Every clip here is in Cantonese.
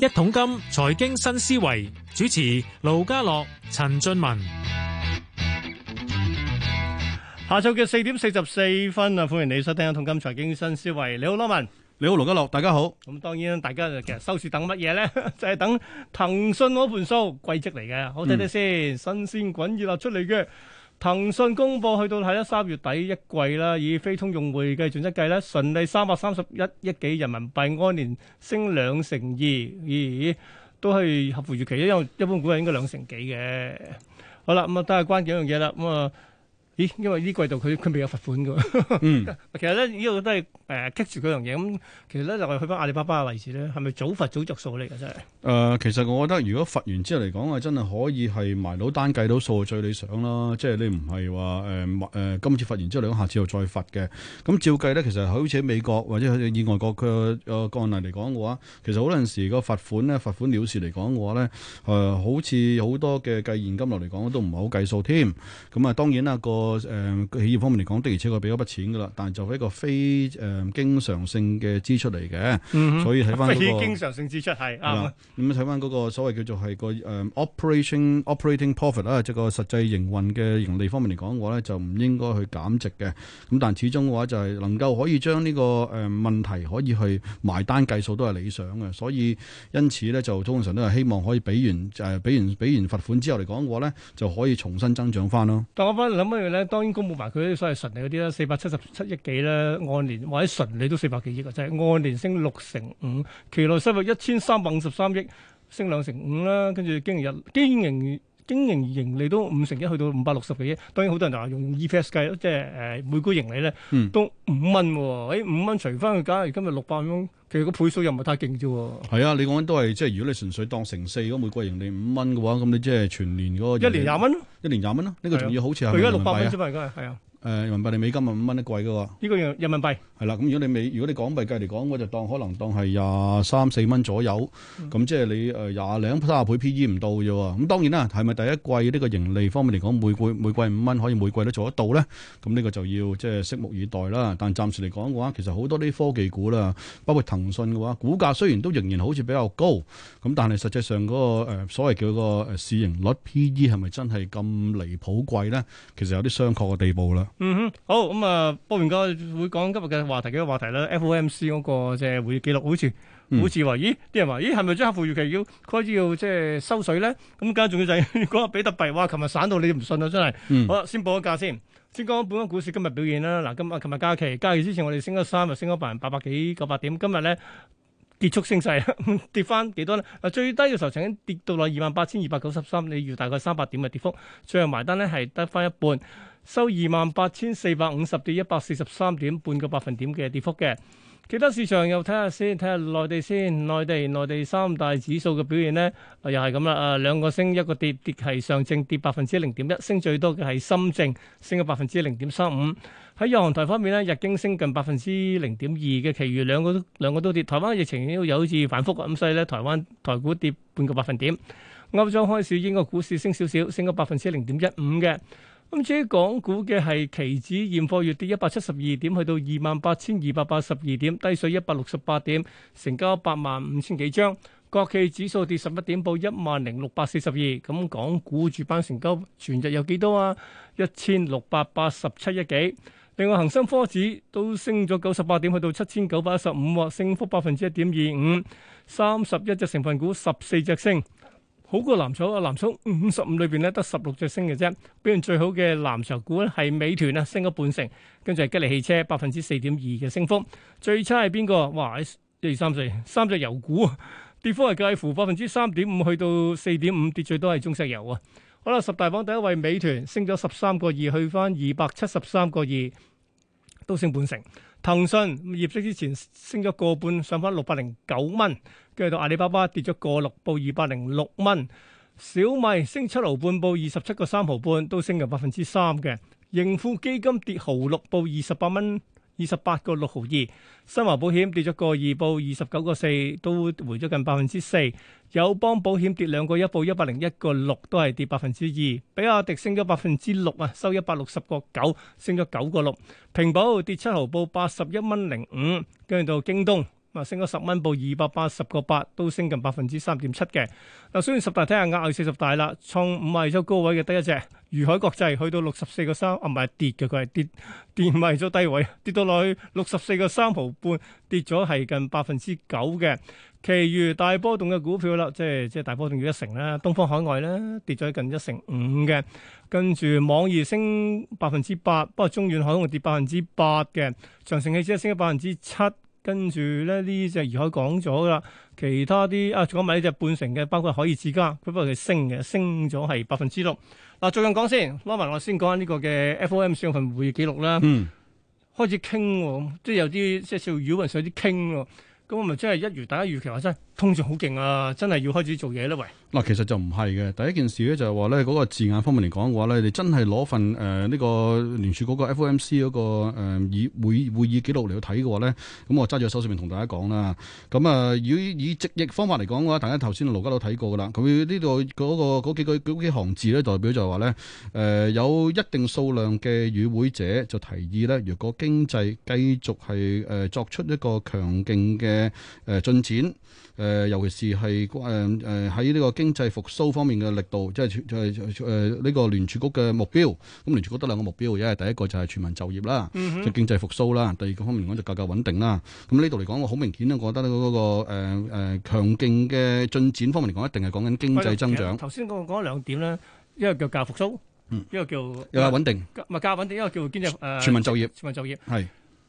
一桶金財經新思維主持盧家樂、陳俊文，下晝嘅四點四十四分啊！歡迎你收聽一桶金財經新思維。你好，羅文。你好，盧家樂。大家好。咁當然大家嘅收市等乜嘢呢？ 就係等騰訊嗰盤數，季績嚟嘅。好睇睇先，嗯、新鮮滾熱辣出嚟嘅。騰訊公布去到睇啦，三月底一季啦，以非通用會計準則計咧，純利三百三十一億幾人民幣，按年升兩成二，咦，都係合乎預期，因為一般股係應該兩成幾嘅。好啦，咁、嗯、啊，都係關緊一樣嘢啦，咁、嗯、啊。咦，因為呢季度佢佢未有罰款嘅。嗯，其實咧呢個都係誒 Catch 住嗰樣嘢。咁其實咧就係去返阿里巴巴嘅位置咧，係咪早罰早著數嚟嘅真係？誒，其實我覺得如果罰完之後嚟講，係真係可以係埋到單計到數最理想啦。即係你唔係話誒誒今次罰完之後嚟講，下次又再罰嘅。咁照計咧，其實好似喺美國或者喺以外國嘅誒個案例嚟講嘅話，其實好多時個罰款咧，罰款了事嚟講嘅話咧，誒好似好多嘅計現金流嚟講都唔係好計數添。咁啊，當然啦個。個誒，企業方面嚟講，的而且確俾咗筆錢噶啦，但係就係一個非誒經常性嘅支出嚟嘅，所以睇翻個非經常性支出係啱嘅。咁睇翻嗰個所謂叫做係個誒 operating operating profit 啦，即係個實際營運嘅盈利方面嚟講嘅話咧，就唔應該去減值嘅。咁但係始終嘅話就係能夠可以將呢個誒問題可以去埋單計數都係理想嘅。所以因此咧就通常都係希望可以俾完誒俾完俾完罰款之後嚟講嘅話咧就可以重新增長翻咯。但我翻諗當然公佈埋佢啲所謂純利嗰啲啦，四百七十七億幾啦，按年或者純利都四百幾億嘅，即係按年升六成五，期內收入一千三百五十三億，升兩成五啦，跟住經營日經營。經營盈利都五成一，去到五百六十幾億。當然好多人話用 EPS 計即係誒、呃、每股盈利咧都五蚊喎。五、欸、蚊除翻佢，梗係今日六百蚊。其實個倍數又唔係太勁啫。係啊，你講緊都係即係如果你純粹當成四，如果每個盈利五蚊嘅話，咁你即係全年嗰、那個、一年廿蚊咯，一年廿蚊咯，呢、這個仲要好似係佢而家六百蚊啫嘛，而家係啊。誒人民幣你美金啊五蚊一季㗎喎，呢個人人民幣係啦，咁如果你美如果你港幣計嚟講，我就當可能當係廿三四蚊左右，咁即係你誒廿零卅倍 P E 唔到嘅喎。咁當然啦，係咪第一季呢個盈利方面嚟講，每季每季五蚊可以每季都做得到咧？咁呢個就要即係拭目以待啦。但暫時嚟講嘅話，其實好多啲科技股啦，包括騰訊嘅話，股價雖然都仍然好似比較高，咁但係實際上嗰個誒所謂叫個市盈率 P E 係咪真係咁離譜貴咧？其實有啲商榷嘅地步啦。嗯哼，好咁啊！報完個會講今日嘅話題幾個話題啦，FOMC 嗰個即係會議記錄好似，好似話咦，啲人話咦，係咪將下負預期要開始要即係收水咧？咁梗係重要就係如果比特幣，哇！琴日散到你唔信啊，真係。好啦，先報個價先。先講本港股市今日表現啦。嗱，今啊，琴日假期，假期之前我哋升咗三日，又升咗八百幾九百點。今日咧結束升勢，跌翻幾多咧？啊，最低嘅時候曾經跌到落二萬八千二百九十三，你要大概三百點嘅跌幅。最後埋單咧係得翻一半。收二萬八千四百五十，跌一百四十三點，半個百分點嘅跌幅嘅。其他市場又睇下先，睇下內地先。內地內地三大指數嘅表現呢，啊、又係咁啦。兩、啊、個升一個跌，跌係上證跌百分之零點一，升最多嘅係深證，升咗百分之零點三五。喺日韓台方面呢，日經升近百分之零點二嘅，其餘兩個兩個都跌。台灣嘅疫情都有好似反覆啊，咁所以咧，台灣台股跌半個百分點。歐洲開市，英國股市升少少，升咗百分之零點一五嘅。咁至於港股嘅係期指現貨月跌一百七十二點去到二萬八千二百八十二點低水一百六十八點成交八萬五千幾張，國企指數跌十一點報一萬零六百四十二。咁港股主板成交全日有幾多啊？1, 一千六百八十七億幾，另外，恒生科指都升咗九十八點去到七千九百一十五，或升幅百分之一點二五。三十一隻成分股，十四隻升。好過藍籌啊！藍籌五十五裏邊咧得十六隻升嘅啫。表現最好嘅藍籌股咧係美團啊，升咗半成。跟住係吉利汽車百分之四點二嘅升幅。最差係邊個？哇！一、二、三、四，三隻油股跌幅係介乎百分之三點五去到四點五，跌最多係中石油啊。好啦，十大榜第一位美團升咗十三個二去返二百七十三個二，都升半成。騰訊業績之前升咗個半，上返六百零九蚊。跟住到阿里巴巴跌咗個六，報二百零六蚊；小米升七毫半，報二十七個三毫半，都升咗百分之三嘅。盈富基金跌毫六，報二十八蚊，二十八個六毫二。新華保險跌咗個二，報二十九個四，都回咗近百分之四。友邦保險跌兩個一，報一百零一個六，都係跌百分之二。比亞迪升咗百分之六啊，收一百六十個九，升咗九個六。平保跌七毫，報八十一蚊零五。跟住到京東。升咗十蚊，報二百八十個八，都升近百分之三點七嘅。嗱，雖然十大睇下，額外四十大啦，創五日嚟咗高位嘅得一隻，如海國際去到六十四個三，啊，唔係跌嘅，佢係跌跌埋咗低位，跌到落去六十四個三毫半，5，跌咗係近百分之九嘅。其餘大波動嘅股票啦，即係即係大波動要一成啦，東方海外咧跌咗近一成五嘅，跟住網易升百分之八，不過中遠海控跌百分之八嘅，長城汽車升咗百分之七。跟住咧呢隻怡海講咗㗎啦，其他啲啊講埋呢隻半成嘅，包括海爾智家，佢不過佢升嘅，升咗係百分之六。嗱，最近講先，攞埋、嗯、我先講呢個嘅 FOMC 份會議記錄啦，嗯、開始傾喎，即係有啲即係少語混上啲傾喎，咁我咪即係一如大家預期話齋。通脹好勁啊！真係要開始做嘢啦。喂！嗱，其實就唔係嘅。第一件事咧，就係話咧，嗰個字眼方面嚟講嘅話咧，你真係攞份誒呢、呃這個聯署嗰個 FOMC 嗰、那個誒議、呃、會會議記錄嚟去睇嘅話咧，咁我揸住喺手上面同大家講啦。咁啊、呃，以以直譯方法嚟講嘅話，大家頭先盧嘉露睇過噶啦。咁呢度嗰個嗰幾，幾行字咧，代表就係話咧，誒、呃、有一定數量嘅與會者就提議咧，如果經濟繼續係誒、呃、作出一個強勁嘅誒、呃、進展。呃呃誒，尤其是係誒誒，喺呢個經濟復甦方面嘅力度，即係誒誒呢個聯儲局嘅目標。咁聯儲局得兩個目標，一係第一個就係全民就業啦，即係、嗯、哼經濟復甦啦；第二個方面講就價格穩定啦。咁呢度嚟講，我好明顯咧，覺得咧、那、嗰個誒誒強勁嘅進展方面嚟講，一定係講緊經濟增長。頭先、嗯、我講兩點咧，一個叫價復甦，一個叫又穩、嗯、定，唔係價穩定，一個叫經濟誒、呃、全民就業，全民就業係。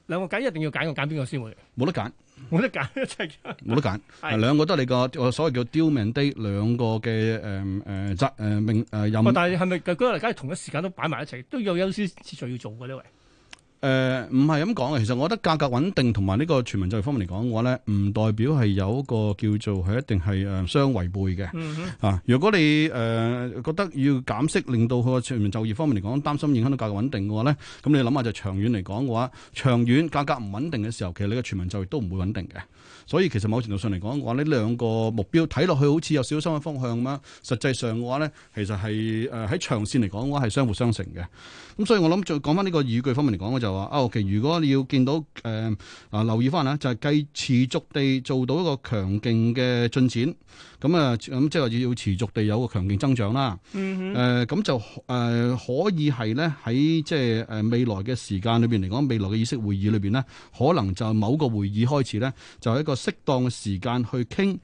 兩是個揀一,一定要揀，我揀邊個先會？冇得揀。冇得揀一齊， 我都揀係兩個都係你個所謂叫 dual mandate 兩個嘅誒誒責誒命誒任。但係係咪佢佢係同一時間都擺埋一齊，都有優先次序要做嘅呢位？誒，唔係咁講嘅。其實我覺得價格穩定同埋呢個全民就業方面嚟講嘅話咧，唔代表係有一個叫做係一定係誒相違背嘅。嗯、哼啊，如果你誒、呃、覺得要減息，令到佢個全民就業方面嚟講擔心影響到價格穩定嘅話咧，咁你諗下就長遠嚟講嘅話，長遠價格唔穩定嘅時候，其實你嘅全民就業都唔會穩定嘅。所以其實某程度上嚟講嘅話，呢兩個目標睇落去好似有少少相反方向咁啊。實際上嘅話咧，其實係誒喺長線嚟講嘅話係相輔相成嘅。咁所以我諗再講翻呢個語句方面嚟講我就是。話哦，如果你要見到誒，啊、呃、留意翻啦，就係、是、繼持續地做到一個強勁嘅進展，咁啊，咁、呃、即係話要持續地有個強勁增長啦。誒、呃，咁就誒、呃、可以係咧喺即係誒、呃、未來嘅時間裏邊嚟講，未來嘅議息會議裏邊咧，可能就某個會議開始咧，就係一個適當嘅時間去傾。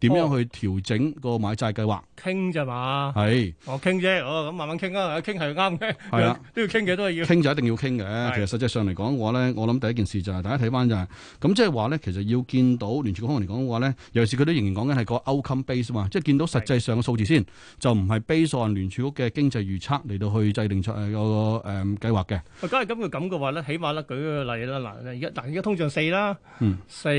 點樣去調整個買債計劃？傾咋嘛？係我傾啫，哦咁慢慢傾啦，傾係啱嘅。係啦，都要傾嘅，都係要。傾就一定要傾嘅。其實實際上嚟講嘅話咧，我諗第一件事就係大家睇翻就係，咁即係話咧，其實要見到聯儲局方面嚟講嘅話咧，尤其是佢都仍然講緊係個 outcome base 嘛，即係見到實際上嘅數字先，就唔係 base on 聯儲局嘅經濟預測嚟到去制定出個誒計劃嘅。啊，咁係咁嘅咁嘅話咧，起碼咧舉個例啦，嗱而家嗱而家通脹四啦，嗯，四。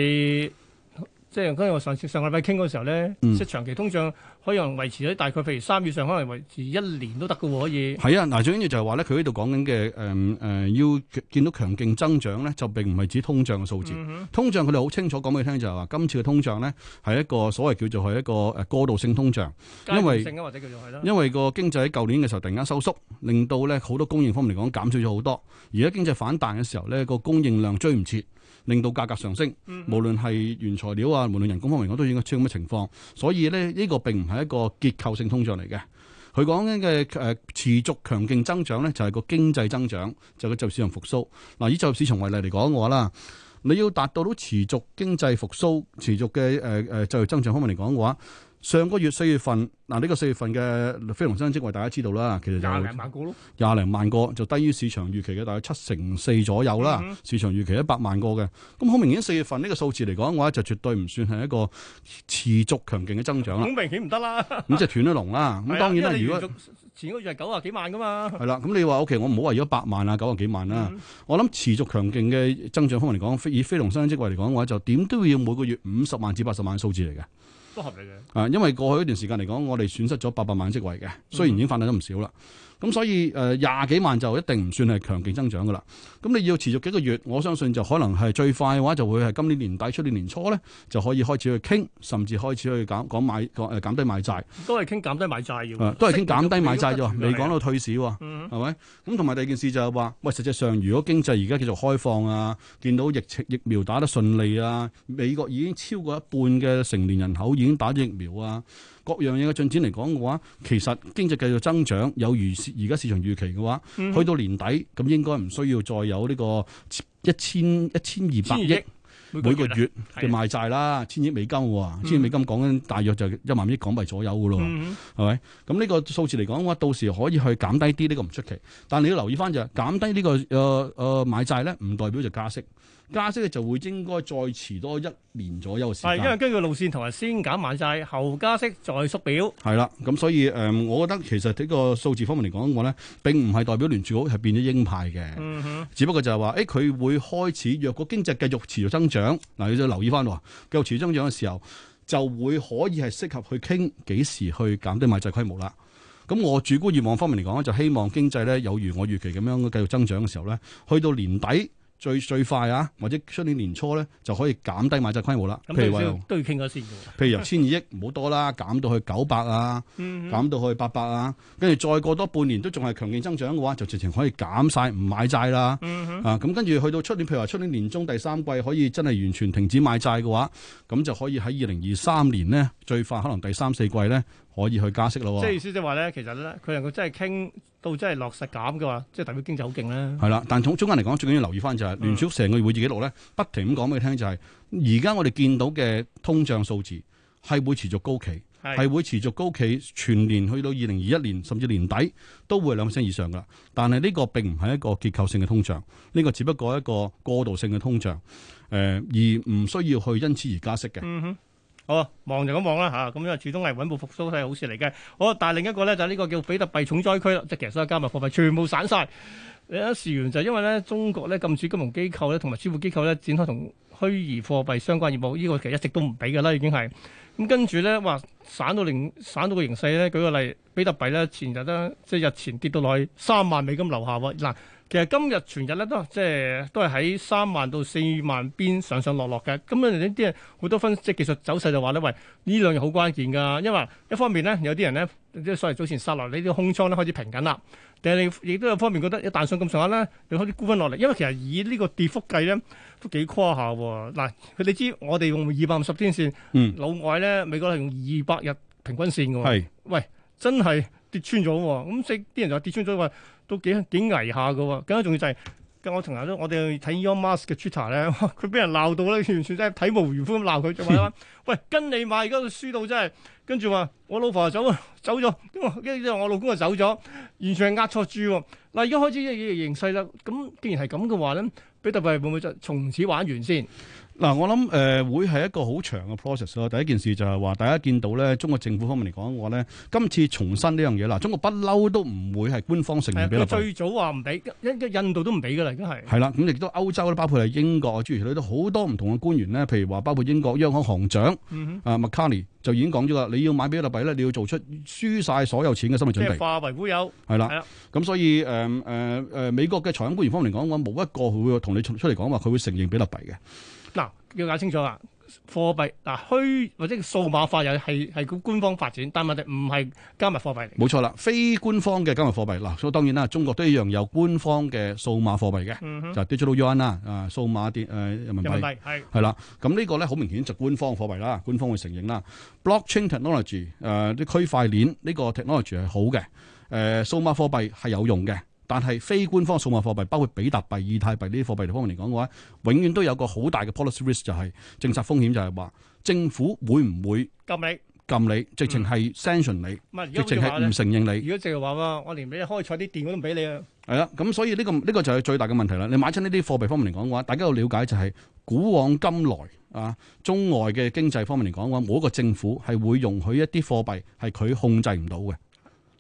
即係我上次上個禮拜傾嗰時候咧，即係、嗯、長期通脹可以維持喺大概，譬如三月上可能維持一年都得嘅喎，可以。係啊，嗱最緊要就係話咧，佢呢度講緊嘅誒誒，要、呃呃、見到強勁增長咧，就並唔係指通脹嘅數字。嗯、哼通脹佢哋好清楚講俾你聽，就係話今次嘅通脹咧係一個所謂叫做係一個誒過渡性通脹，因為階段性、啊、或者叫做係啦。因為個經濟喺舊年嘅時候突然間收縮，令到咧好多供應方面嚟講減少咗好多，而家經濟反彈嘅時候咧，個供應量追唔切。令到價格上升，無論係原材料啊，無論人工方面，我都應該出現咁嘅情況。所以咧，呢個並唔係一個結構性通脹嚟嘅。佢講緊嘅誒持續強勁增長咧，就係個經濟增長，就個、係、就業市場復甦。嗱，以就業市場為例嚟講嘅話啦，你要達到到持續經濟復甦、持續嘅誒誒就業增長方面嚟講嘅話。上個月四月份，嗱、啊、呢、這個四月份嘅非農新增職位大家知道啦，其實就廿零萬個咯，廿零萬,萬個就低於市場預期嘅大概七成四左右啦。嗯、哼市場預期一百萬個嘅，咁好明顯四月份呢個數字嚟講，嘅話就絕對唔算係一個持續強勁嘅增長啦。好明顯唔得啦，咁就斷咗龍啦。咁 當然啦，如果前個月係九啊幾萬㗎嘛，係啦。咁你話 OK，我唔好話要一百萬啊，九啊幾萬啦。嗯、哼我諗持續強勁嘅增長方面嚟講，以非農新增職位嚟講，嘅話就點都要每個月五十萬至八十萬數字嚟嘅。都合理嘅，啊，因為過去一段時間嚟講，我哋損失咗八百萬職位嘅，雖然已經反彈咗唔少啦。嗯咁、嗯、所以誒廿幾萬就一定唔算係強勁增長嘅啦。咁、嗯、你要持續幾個月，我相信就可能係最快嘅話，就會係今年年底、出年年初咧，就可以開始去傾，甚至開始去減講買，誒、呃、減低買債。嗯、都係傾減低買債啫。都係傾減低買債啫，未講到退市喎，係咪、嗯嗯？咁同埋第二件事就係、是、話，喂，實際上如果經濟而家繼續開放啊，見到疫情疫苗打得順利啊，美國已經超過一半嘅成年人口已經打疫苗啊。各樣嘢嘅進展嚟講嘅話，其實經濟繼續增長，有預而家市場預期嘅話，嗯、哼去到年底咁應該唔需要再有呢個一千一千二百億每個月嘅賣債啦，千億美金喎，千億美金講緊大約就一萬億港幣左右嘅咯，係咪、嗯哼？咁呢個數字嚟講嘅話，到時可以去減低啲呢、這個唔出奇，但你要留意翻，就係減低呢、這個誒誒買債咧，唔、呃呃、代表就加息。加息咧就會應該再遲多一年左右嘅時間。係，因為根據路線同埋先減買債，後加息再縮表。係啦，咁所以誒、呃，我覺得其實呢個數字方面嚟講，我話咧，並唔係代表聯儲局係變咗鷹派嘅。嗯哼。只不過就係話，誒、欸、佢會開始，若果經濟繼續持續增長，嗱、啊，你就留意翻喎。繼續持續增長嘅時候，就會可以係適合去傾幾時去減低買債規模啦。咁我主觀願望方面嚟講咧，就希望經濟咧有如我預期咁樣繼續增長嘅時候咧，去到年底。最最快啊，或者出年年初咧，就可以減低買債規模啦。譬如話都要傾咗先譬 如由千二億唔好多啦，減到去九百啊， 減到去八百啊，跟住再過多半年都仲係強勁增長嘅話，就直情可以減晒唔買債啦。 啊，咁跟住去到出年，譬如話出年年中第三季可以真係完全停止買債嘅話，咁就可以喺二零二三年呢最快可能第三四季咧可以去加息咯。即係意思即係話咧，其實咧佢能夠真係傾到真係落實減嘅話，即係代表經濟好勁啦。係啦， 但係中間嚟講最緊要留意翻就聯儲成個月會紀錄咧，不停咁講俾你聽，就係而家我哋見到嘅通脹數字係會持續高企，係的會持續高企，全年去到二零二一年甚至年底都會兩 percent 以上噶。但係呢個並唔係一個結構性嘅通脹，呢、這個只不過一個過渡性嘅通脹，誒、呃、而唔需要去因此而加息嘅。嗯哼哦，望就咁望啦吓，咁、啊、始終係穩步復甦係好事嚟嘅。好，但係另一個咧就係、是、呢個叫比特幣重災區啦，即係其實所有加密貨幣全部散晒。誒，事源就因為咧中國咧禁止金融機構咧同埋支付機構咧展開同虛擬貨幣相關業務，呢、這個其實一直都唔俾㗎啦，已經係。咁、嗯、跟住咧話散到零，散到個形勢咧。舉個例，比特幣咧前日咧即係日前跌到落去三萬美金樓下喎嗱。其實今日全日咧都係即係都係喺三萬到四萬邊上上落落嘅。咁樣呢啲好多分析技術走勢就話咧，喂！呢兩日好關鍵㗎，因為一方面咧有啲人咧即係所謂早前殺落呢啲空倉咧開始平緊啦。第二亦都有方面覺得一旦上咁上下咧，你開始沽翻落嚟。因為其實以個呢個跌幅計咧都幾誇下喎。嗱，佢哋知我哋用二百五十天線，嗯，老外咧美國係用二百日平均線㗎喎。係喂，真係。跌穿咗喎，咁所以啲人就跌穿咗話都幾幾危下嘅喎。更加重要就係，我同日都我哋去睇 Elon Musk 嘅 Twitter 咧，佢俾人鬧到咧，完全真係體無完膚咁鬧佢。就話 喂，跟你買而家佢輸到真係，跟住話我老婆又走啊，走咗，跟住之後我老公就走咗，完全係壓錯注喎。嗱，而家開始嘅形勢啦，咁既然係咁嘅話咧，比特幣會唔會就從此玩完先？嗱，我諗誒、呃、會係一個好長嘅 process 咯。第一件事就係話，大家見到咧，中國政府方面嚟講話咧，今次重申呢樣嘢。嗱，中國不嬲都唔會係官方承認俾佢。最早話唔俾，印度都唔俾噶啦，已經係。係啦，咁亦都歐洲包括係英國啊，諸如都好多唔同嘅官員咧。譬如話，包括英國央行行長、嗯、哼啊麥卡 y 就已經講咗啦，你要買俾立幣咧，你要做出輸晒所有錢嘅心理準備。係化為烏有。係啦，咁所以誒誒誒，美國嘅財政官員方面嚟講我冇一個會同你出嚟講話佢會承認俾立幣嘅。嗱，要搞清楚啊！貨幣嗱虛或者數碼化又係係官官方發展，但問題唔係加密貨幣嚟。冇錯啦，非官方嘅加密貨幣嗱，所以當然啦，中國都一樣有官方嘅數碼貨幣嘅，嗯、哼就 Digital Yuan 啦，啊數碼電誒人民幣，係啦，咁呢個咧好明顯就官方貨幣啦，官方會承認啦。Blockchain technology，誒、呃、啲區塊鏈呢個 technology 係好嘅，誒、呃、數碼貨幣係有用嘅。但係非官方數碼貨幣，包括比特幣、以太幣呢啲貨幣方面嚟講嘅話，永遠都有個好大嘅 policy risk，就係政策風險就，就係話政府會唔會禁你？禁你，直情係 sanction 你，嗯、直情係唔承認你。如果直情話，我連俾你開採啲電都唔俾你啊！係啦，咁所以呢、呢個呢、呢個就係最大嘅問題啦。你買親呢啲貨幣方面嚟講嘅話，大家要了解就係、係、古往今來啊，中外嘅經濟方面嚟講嘅話，冇一個政府係會容許一啲貨幣係佢控制唔到嘅。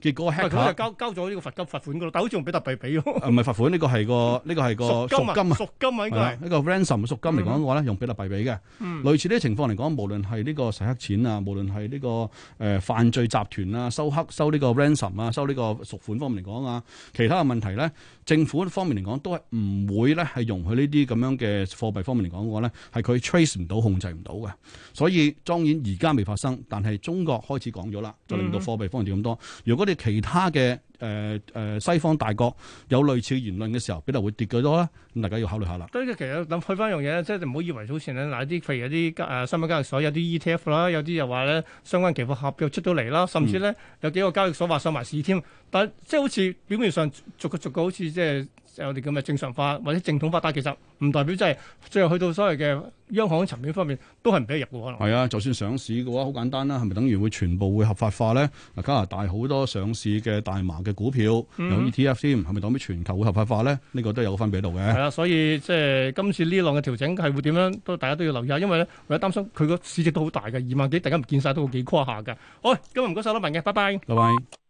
結果個黑客交交咗呢個罰金罰款㗎喇，但好似用比特幣俾喎。唔係罰款，呢、這個係個呢、這個係個金啊，贖金啊，應該呢個 ransom 啊，贖金嚟講嘅話咧，用比特幣俾嘅。嗯，類似呢啲情況嚟講，無論係呢個洗黑錢啊，無論係呢個誒、呃、犯罪集團啊，收黑收呢個 ransom 啊，收呢個贖款方面嚟講啊，其他嘅問題咧，政府方面嚟講都係唔會咧係容許呢啲咁樣嘅貨幣方面嚟講嘅話咧，係佢 trace 唔到、控制唔到嘅。所以當然而家未發生，但係中國開始講咗啦，就令到貨幣方面跌咁多。如果，如果哋其他嘅誒誒西方大國有類似言論嘅時候，比度會跌幾多啦。咁大家要考慮下啦。所其實諗去翻一樣嘢，即係唔好以為早前咧，嗱啲譬如啲誒三間交易所有啲 E T F 啦，有啲又話咧相關期貨合約出到嚟啦，甚至咧有幾個交易所話上埋市添。嗯、但即係好似表面上逐個逐個好似即係。就我哋咁嘅正常化或者正統化，但其實唔代表真、就、係、是，最後去到所謂嘅央行層面方面，都係唔俾入嘅可能。係啊，就算上市嘅話，好簡單啦，係咪等於會全部會合法化咧？加拿大好多上市嘅大麻嘅股票、嗯、有 ETF 添，係咪當啲全球會合法化咧？呢、這個都有翻俾度嘅。係啊，所以即係、就是、今次呢浪嘅調整係會點樣都大家都要留意下，因為咧為咗擔心佢個市值都好大嘅，二萬幾大家唔見晒，都會幾誇下嘅。好，今日唔該晒俊文嘅，拜拜。拜拜。拜拜。